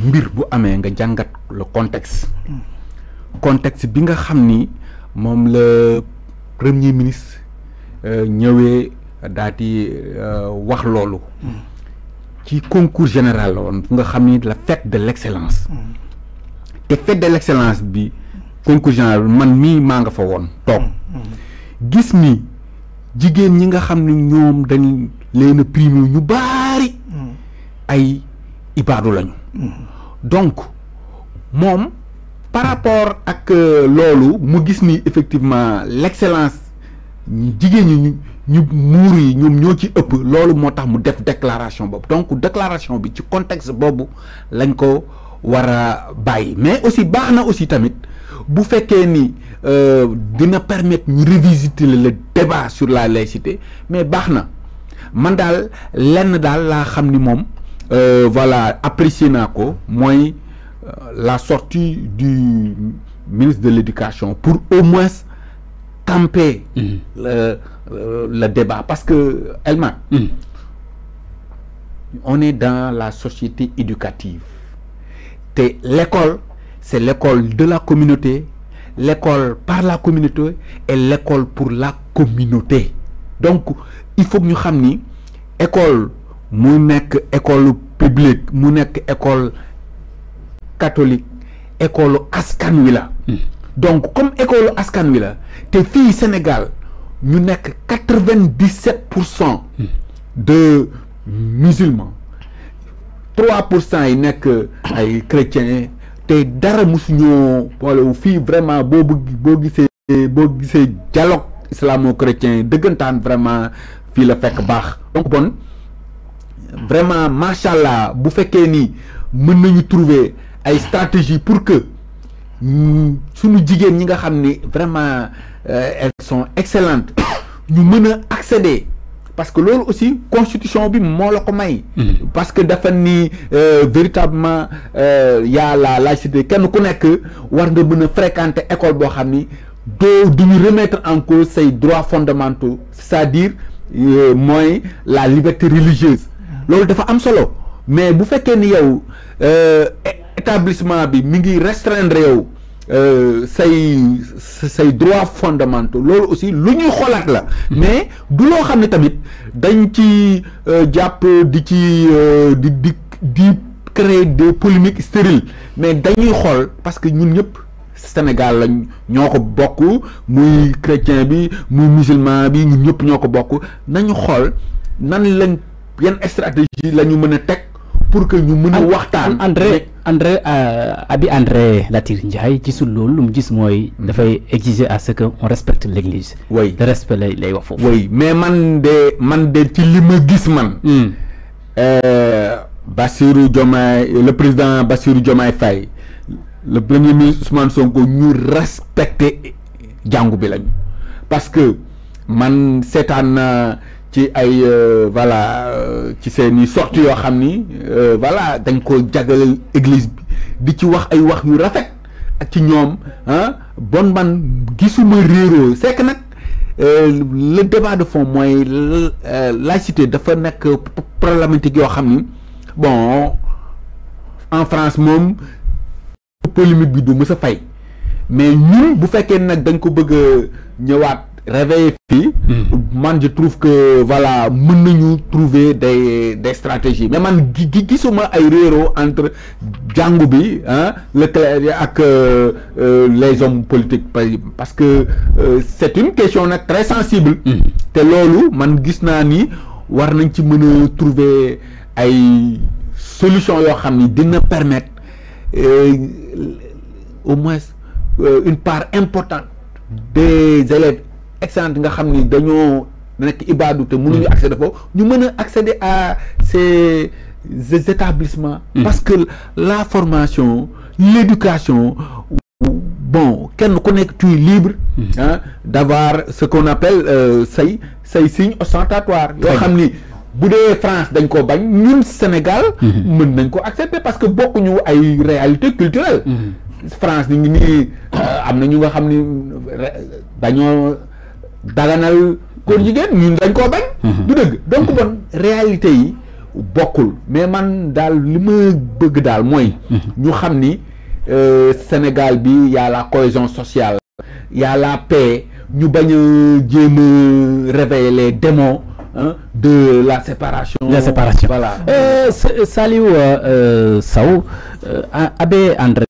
mbir bu amé nga jangat le contexte contexte bi nga xamni mom le premier ministre euh, ñëwé daal di euh, wax lolu ci concours général la nga xamni la fête de l'excellence. té fête de l'excellence bi concours général man mi ma nga fa won toog gis ni jigen ñi nga xamni ñoom dañ leena ñu bari ay ibadu lañu donc par rapport à que euh, mu gis effectivement l'excellence ñu yi ñom ñoo ci déclaration bob donc déclaration bi ci contexte bobo lañ ko wara mais aussi baxna aussi tamit bu ni euh, dina permettre ñu revisiter le débat sur la laïcité mais baxna man lenn euh, voilà apprécié n'ako moi euh, la sortie du ministre de l'éducation pour au moins camper mm. euh, le débat parce que mm. on est dans la société éducative l'école c'est l'école de la communauté l'école par la communauté et l'école pour la communauté donc il faut que nous sachions école école publique mu école catholique école askan hmm. donc comme école askan wi filles Sénégal ñu nekk 97% hmm. de musulmans 3% pour yi nekk ay chrétiens te dara mosu ñoo wala vraiment beau bëgg beau gisee dialogue islamo-chrétien dëggantaan vraiment fii la fekk donc bon vraiment mashallah, bu fekkee ni trouver ay stratégie pour que suñu nous ñi nga vraiment euh, elles sont excellentes Nous devons accéder parce que lolu aussi constitution est très la ko mm-hmm. parce que dafa ni euh, véritablement euh, y a la laïcité kenn ku nekk war nga mën fréquenter école de xamni remettre en cause ces droits fondamentaux c'est-à-dire la liberté religieuse loolu dafa am solo mais bu fekkee ni yow euh, établissement bi mi ngi restreindre yow euh, say say droits fondamentaux lolou aussi lu ñuy la hmm. mais du lo xam tamit dañ ci euh, japp di ci di créer des polémiques stériles mais dañuy xol parce que ñun ñep Sénégal n'y ñoo ko bokk muy chrétien bi muy musulman bi ñun ñep ñoo ko bokk nañu xol nan lañ yan stratégie la ñu mën a teg pour que ñu mën a waxtaan André André euh, abi André Latir ci gisul loolu lu mu gis mooy mhm. dafay exiger à ce que on respecte l'église oui le respect lay lay wax foofu oui mais man de man de ci li ma gis man hmm. euh, Bassirou Diomaye le président Bassirou Diomaye Faye le premier ministre Ousmane Sonko ñu respecter jàngu bi lañu parce que man seetaan na ci ay euh, voilà euh, ci seen i sorties yoo xam ni euh, voilà dañ ko jagaleel église bi di ci wax ay wax yu rafet ak ci ñoom ah bon man gisuma réeroo c'est que nag le débat de fond mooy laïcité dafa nekk problématique yoo xam ni bon en France moom polémique bi du mës a fay mais ñun bu fekkee nag dañ ko bëgg ñëwaat réveiller fii hmm. man je trouve que voilà nous trouver des des stratégies mais man qui gisuma ay réeroo entre jàngu bi hein, le Leclerc et euh, euh, les hommes politiques parce que euh, c'est une question très sensible hmm. te lolu man gis ni war nañ ci trouver ay solution yo xamni dina permettre au moins une part importante des élèves excellente nga xamni dañoo nek ibadou te ñu mm. accéder foofu ñu mëna accéder à ces établissements. Mm. parce que la formation l'éducation bon kenn ku nek tu es libre. ah d'avoir ce qu'on appelle euh, say say signe ostentatoire yoo xamni boudé France dañ ko bañ ñun Sénégal. Mm-hmm. mën nañ ko accepter parce que bokku mm-hmm. ñu ay réalité culturelle France ni ngi nii euh, am ñu nga xamni euh, dañoo daganal góor jigéen ñun dañ ko bañ. Mhm. du deug donc mhm. bon réalité yi bokul mais man dal li bëgg dal moy mhm. ñu xam ni euh, Sénégal bi ya la cohésion sociale. ya la paix ñu bañ jëm jéem réveiller les démons hein, de la séparation. la séparation voilà. Euh, Saliou euh, Sow Abbé André.